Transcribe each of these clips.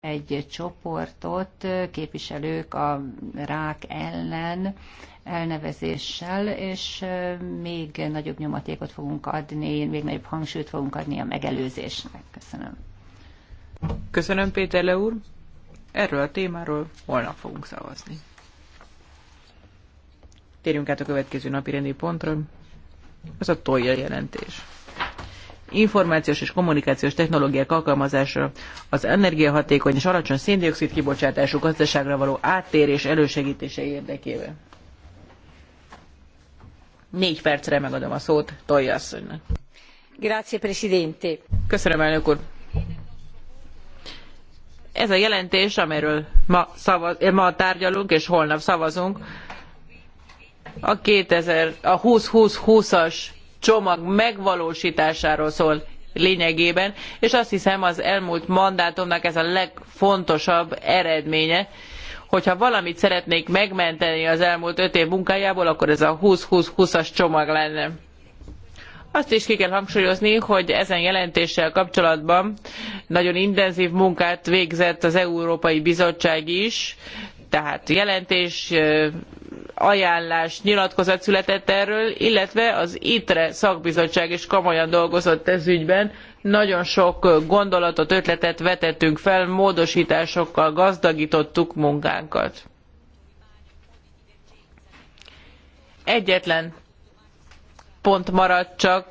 egy csoportot képviselők a rák ellen elnevezéssel, és még nagyobb nyomatékot fogunk adni, még nagyobb hangsúlyt fogunk adni a megelőzésnek. Köszönöm. Köszönöm, Péter Le úr. Erről a témáról holnap fogunk szavazni. Térjünk át a következő napi rendi pontra. Ez a tolja jelentés információs és kommunikációs technológiák alkalmazása az energiahatékony és alacsony széndiokszid kibocsátású gazdaságra való áttérés elősegítése érdekében. Négy percre megadom a szót Tolja asszonynak. Grazie, Presidente. Köszönöm, elnök úr. Ez a jelentés, amiről ma, szavaz, ma tárgyalunk és holnap szavazunk, a 2020 20 as csomag megvalósításáról szól lényegében, és azt hiszem az elmúlt mandátumnak ez a legfontosabb eredménye, hogyha valamit szeretnék megmenteni az elmúlt öt év munkájából, akkor ez a 20-20-20-as csomag lenne. Azt is ki kell hangsúlyozni, hogy ezen jelentéssel kapcsolatban nagyon intenzív munkát végzett az Európai Bizottság is, tehát jelentés, ajánlás, nyilatkozat született erről, illetve az ITRE szakbizottság is komolyan dolgozott ez ügyben. Nagyon sok gondolatot, ötletet vetettünk fel, módosításokkal gazdagítottuk munkánkat. Egyetlen pont maradt csak,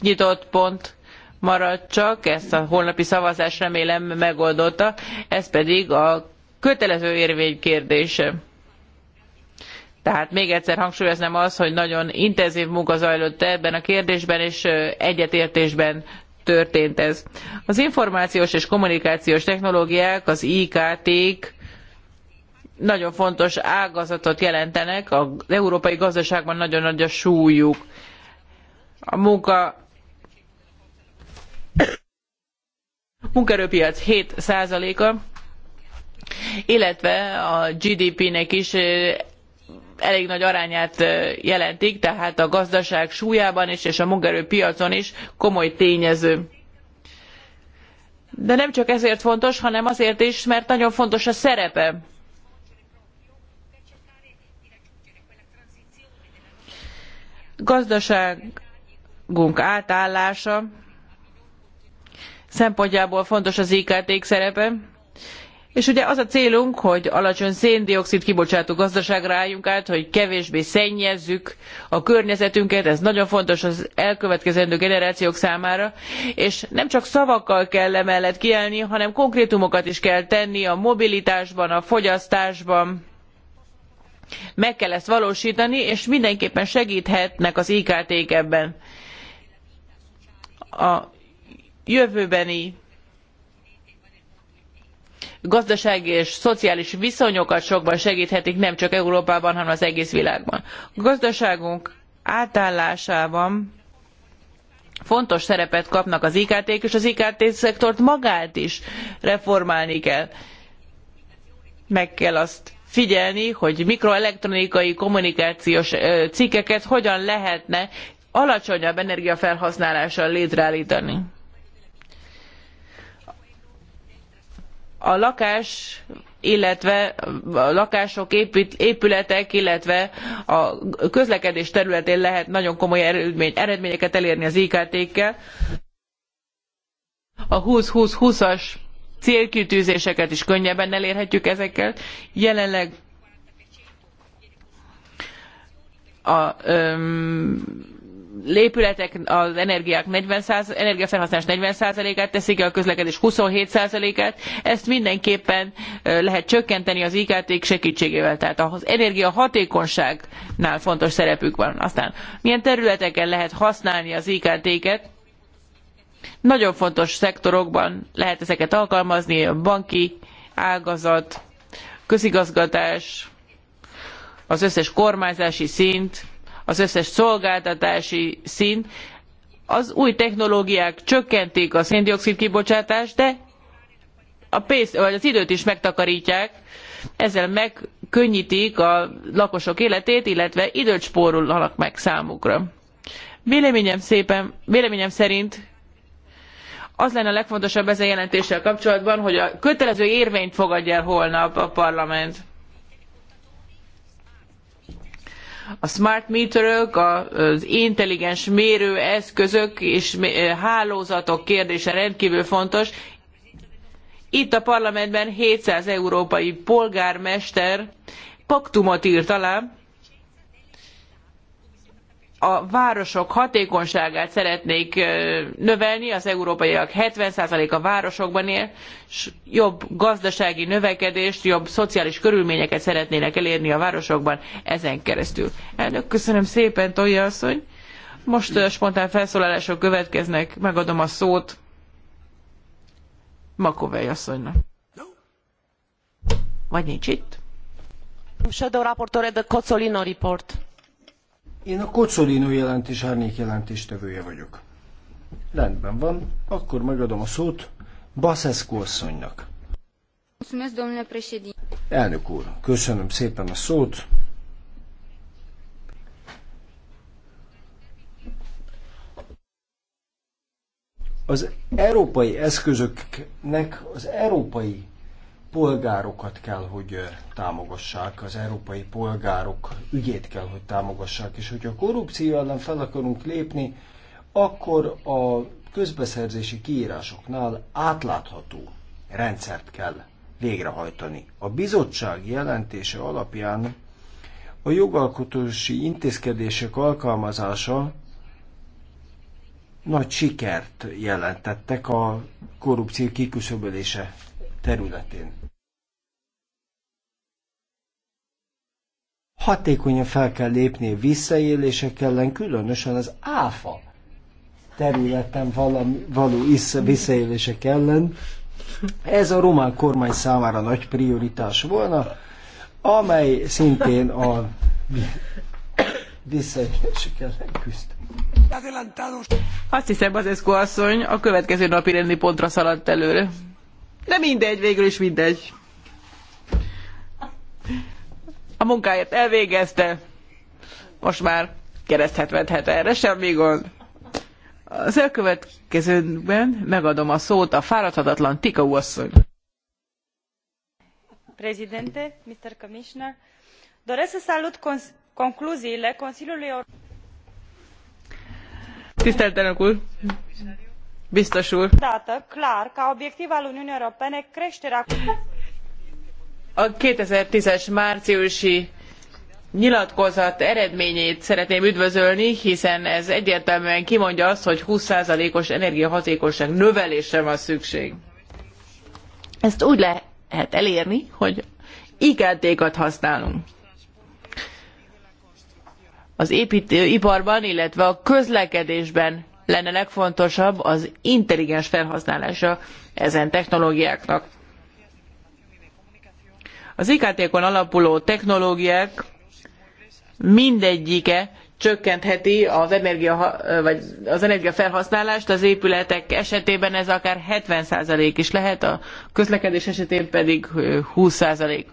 nyitott pont maradt csak, ezt a holnapi szavazás remélem megoldotta, ez pedig a kötelező érvény kérdése. Tehát még egyszer hangsúlyoznám az, hogy nagyon intenzív munka zajlott ebben a kérdésben, és egyetértésben történt ez. Az információs és kommunikációs technológiák, az IKT-k nagyon fontos ágazatot jelentenek, az európai gazdaságban nagyon nagy a súlyuk. A munka munkerőpiac 7 a illetve a GDP-nek is elég nagy arányát jelentik, tehát a gazdaság súlyában is és a munkaerőpiacon is komoly tényező. De nem csak ezért fontos, hanem azért is, mert nagyon fontos a szerepe. Gazdaságunk átállása szempontjából fontos az IKT-k szerepe és ugye az a célunk, hogy alacsony széndiokszid kibocsátó gazdaságra álljunk át, hogy kevésbé szennyezzük a környezetünket, ez nagyon fontos az elkövetkezendő generációk számára, és nem csak szavakkal kell emellett kiállni, hanem konkrétumokat is kell tenni a mobilitásban, a fogyasztásban. Meg kell ezt valósítani, és mindenképpen segíthetnek az IKT-k ebben. A jövőbeni gazdasági és szociális viszonyokat sokban segíthetik, nem csak Európában, hanem az egész világban. A gazdaságunk átállásában fontos szerepet kapnak az IKT-k, és az IKT szektort magát is reformálni kell. Meg kell azt figyelni, hogy mikroelektronikai kommunikációs cikkeket hogyan lehetne alacsonyabb energiafelhasználással létreállítani. a lakás, illetve a lakások, épületek, illetve a közlekedés területén lehet nagyon komoly eredményeket elérni az IKT-kkel. A 20-20-20-as célkitűzéseket is könnyebben elérhetjük ezekkel. Jelenleg a öm, lépületek az energiák 40 energiafelhasználás 40%-át teszik ki, a közlekedés 27%-át. Ezt mindenképpen lehet csökkenteni az IKT-k segítségével. Tehát az energiahatékonyságnál fontos szerepük van. Aztán milyen területeken lehet használni az IKT-ket? Nagyon fontos szektorokban lehet ezeket alkalmazni, a banki ágazat, közigazgatás, az összes kormányzási szint, az összes szolgáltatási szint. Az új technológiák csökkentik a széndiokszid kibocsátást, de a pénzt, vagy az időt is megtakarítják, ezzel megkönnyítik a lakosok életét, illetve időt spórolnak meg számukra. Véleményem, szépen, véleményem szerint az lenne a legfontosabb ezen jelentéssel kapcsolatban, hogy a kötelező érvényt fogadja el holnap a parlament. a smart meterök, az intelligens mérőeszközök és hálózatok kérdése rendkívül fontos. Itt a parlamentben 700 európai polgármester paktumot írt alá, a városok hatékonyságát szeretnék növelni, az európaiak 70% a városokban él, és jobb gazdasági növekedést, jobb szociális körülményeket szeretnének elérni a városokban ezen keresztül. Elnök, köszönöm szépen, Tolja asszony. Most spontán felszólalások következnek, megadom a szót Makovej asszonynak. Vagy nincs itt? Shadow Rapporteur de Cozzolino Report. Én a Kocolino jelentés árnyék tevője vagyok. Rendben van, akkor megadom a szót Baszeszko asszonynak. Elnök úr, köszönöm szépen a szót. Az európai eszközöknek az európai polgárokat kell, hogy támogassák, az európai polgárok ügyét kell, hogy támogassák, és hogyha a korrupció ellen fel akarunk lépni, akkor a közbeszerzési kiírásoknál átlátható rendszert kell végrehajtani. A bizottság jelentése alapján a jogalkotósi intézkedések alkalmazása nagy sikert jelentettek a korrupció kiküszöbölése területén. Hatékonyan fel kell lépni a visszaélések ellen, különösen az áfa területen valami, való visszaélések ellen. Ez a román kormány számára nagy prioritás volna, amely szintén a visszaélések ellen küzd. Azt hiszem, az asszony a következő napi rendi pontra szaladt előre. De mindegy, végül is mindegy. A munkáját elvégezte, most már kereszthet vedhet erre, semmi gond. Az elkövetkezőben megadom a szót a fáradhatatlan Tika asszony. Presidente, Mr. Commissioner, doresc să salut cons- concluziile Consiliului Tisztelt elnök úr! Dată clar ca obiectiv al Uniunii Europene creșterea a 2010 márciusi nyilatkozat eredményét szeretném üdvözölni, hiszen ez egyértelműen kimondja azt, hogy 20%-os energiahatékonyság növelésre van szükség. Ezt úgy lehet elérni, hogy IKT-kat használunk. Az építőiparban, illetve a közlekedésben lenne legfontosabb az intelligens felhasználása ezen technológiáknak. Az IKT-kon alapuló technológiák mindegyike csökkentheti az energia, vagy az energiafelhasználást, az épületek esetében ez akár 70% is lehet, a közlekedés esetén pedig 20%.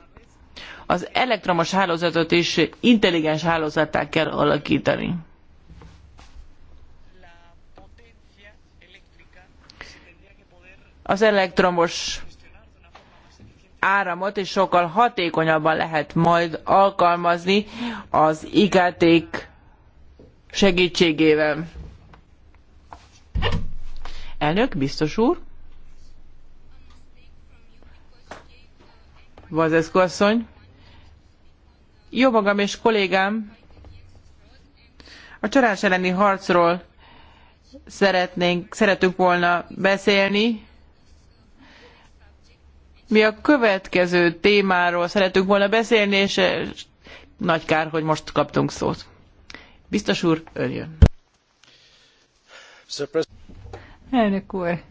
Az elektromos hálózatot is intelligens hálózattá kell alakítani. az elektromos áramot, és sokkal hatékonyabban lehet majd alkalmazni az IKT-k segítségével. Elnök, biztos úr? Vazeszko asszony? Jó magam és kollégám a csalás elleni harcról szeretnénk, szeretünk volna beszélni, mi a következő témáról szeretünk volna beszélni, és eh, nagy kár, hogy most kaptunk szót. Biztos úr, ön jön. Elnök úr,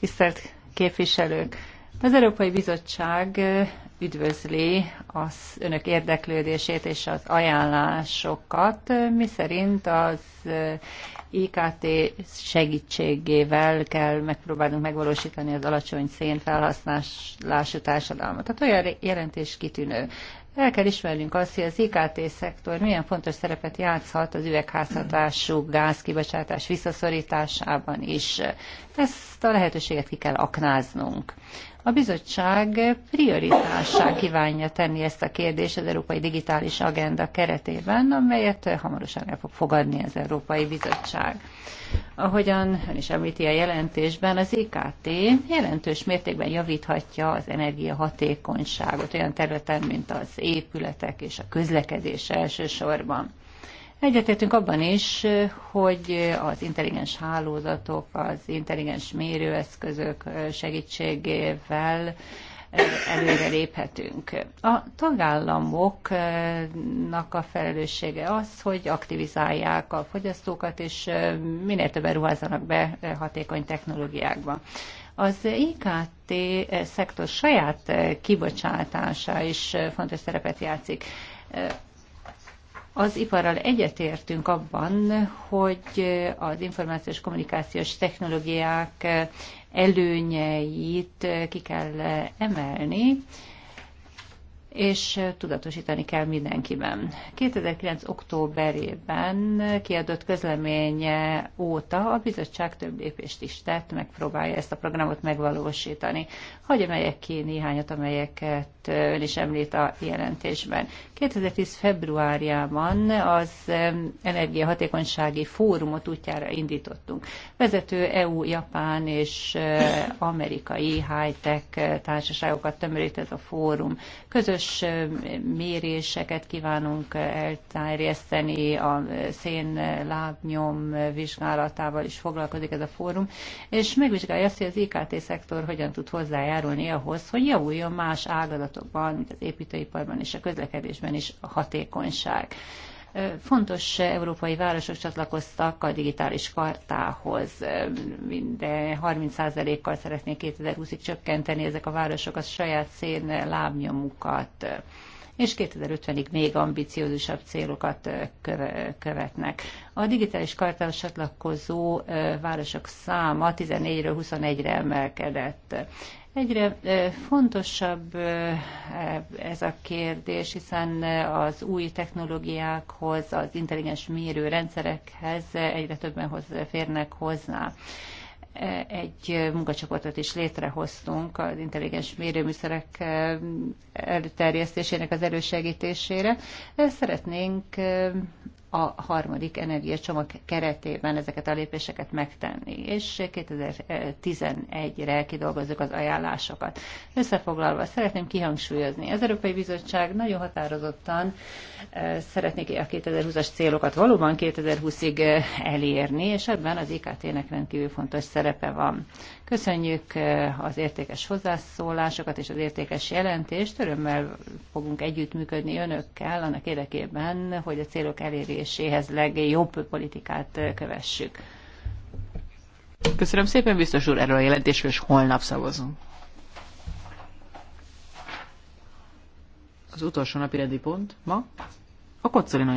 tisztelt képviselők! Az Európai Bizottság eh, üdvözli az önök érdeklődését és az ajánlásokat, mi szerint az eh, IKT segítségével kell megpróbálnunk megvalósítani az alacsony szén felhasználású társadalmat. Tehát olyan jelentés kitűnő. El kell ismernünk azt, hogy az IKT szektor milyen fontos szerepet játszhat az üvegházhatású gázkibocsátás visszaszorításában is. Ezt a lehetőséget ki kell aknáznunk. A bizottság prioritássá kívánja tenni ezt a kérdést az Európai Digitális Agenda keretében, amelyet hamarosan el fog fogadni az Európai Bizottság. Ahogyan ön is említi a jelentésben, az IKT jelentős mértékben javíthatja az energiahatékonyságot olyan területen, mint az épületek és a közlekedés elsősorban. Egyetértünk abban is, hogy az intelligens hálózatok, az intelligens mérőeszközök segítségével előre léphetünk. A tagállamoknak a felelőssége az, hogy aktivizálják a fogyasztókat, és minél többen ruházzanak be hatékony technológiákba. Az IKT szektor saját kibocsátása is fontos szerepet játszik. Az iparral egyetértünk abban, hogy az információs kommunikációs technológiák előnyeit ki kell emelni, és tudatosítani kell mindenkiben. 2009. októberében kiadott közleménye óta a bizottság több lépést is tett, megpróbálja ezt a programot megvalósítani. Hogy emeljek ki néhányat, amelyeket ön is említ a jelentésben. 2010. februárjában az energiahatékonysági fórumot útjára indítottunk. Vezető EU, Japán és amerikai high-tech társaságokat tömörít ez a fórum. Közös közös méréseket kívánunk elterjeszteni, a szén lábnyom vizsgálatával is foglalkozik ez a fórum, és megvizsgálja azt, hogy az IKT szektor hogyan tud hozzájárulni ahhoz, hogy javuljon más ágazatokban, mint az építőiparban és a közlekedésben is a hatékonyság. Fontos európai városok csatlakoztak a digitális kartához. Minden 30%-kal szeretnék 2020-ig csökkenteni ezek a városok a saját szén lábnyomukat és 2050-ig még ambiciózusabb célokat követnek. A digitális kartához csatlakozó városok száma 14-ről 21-re emelkedett. Egyre fontosabb ez a kérdés, hiszen az új technológiákhoz, az intelligens mérőrendszerekhez egyre többen férnek hozzá egy munkacsoportot is létrehoztunk az intelligens mérőműszerek előterjesztésének az elősegítésére. Szeretnénk a harmadik energiacsomag keretében ezeket a lépéseket megtenni, és 2011-re kidolgozzuk az ajánlásokat. Összefoglalva szeretném kihangsúlyozni, az Európai Bizottság nagyon határozottan szeretnék a 2020-as célokat valóban 2020-ig elérni, és ebben az IKT-nek rendkívül fontos szerepe van. Köszönjük az értékes hozzászólásokat és az értékes jelentést, örömmel fogunk együttműködni önökkel annak érdekében, hogy a célok eléri növekedéséhez legjobb politikát kövessük. Köszönöm szépen, biztos úr, erről a jelentésről, és holnap szavazunk. Az utolsó napi pont ma a kocolina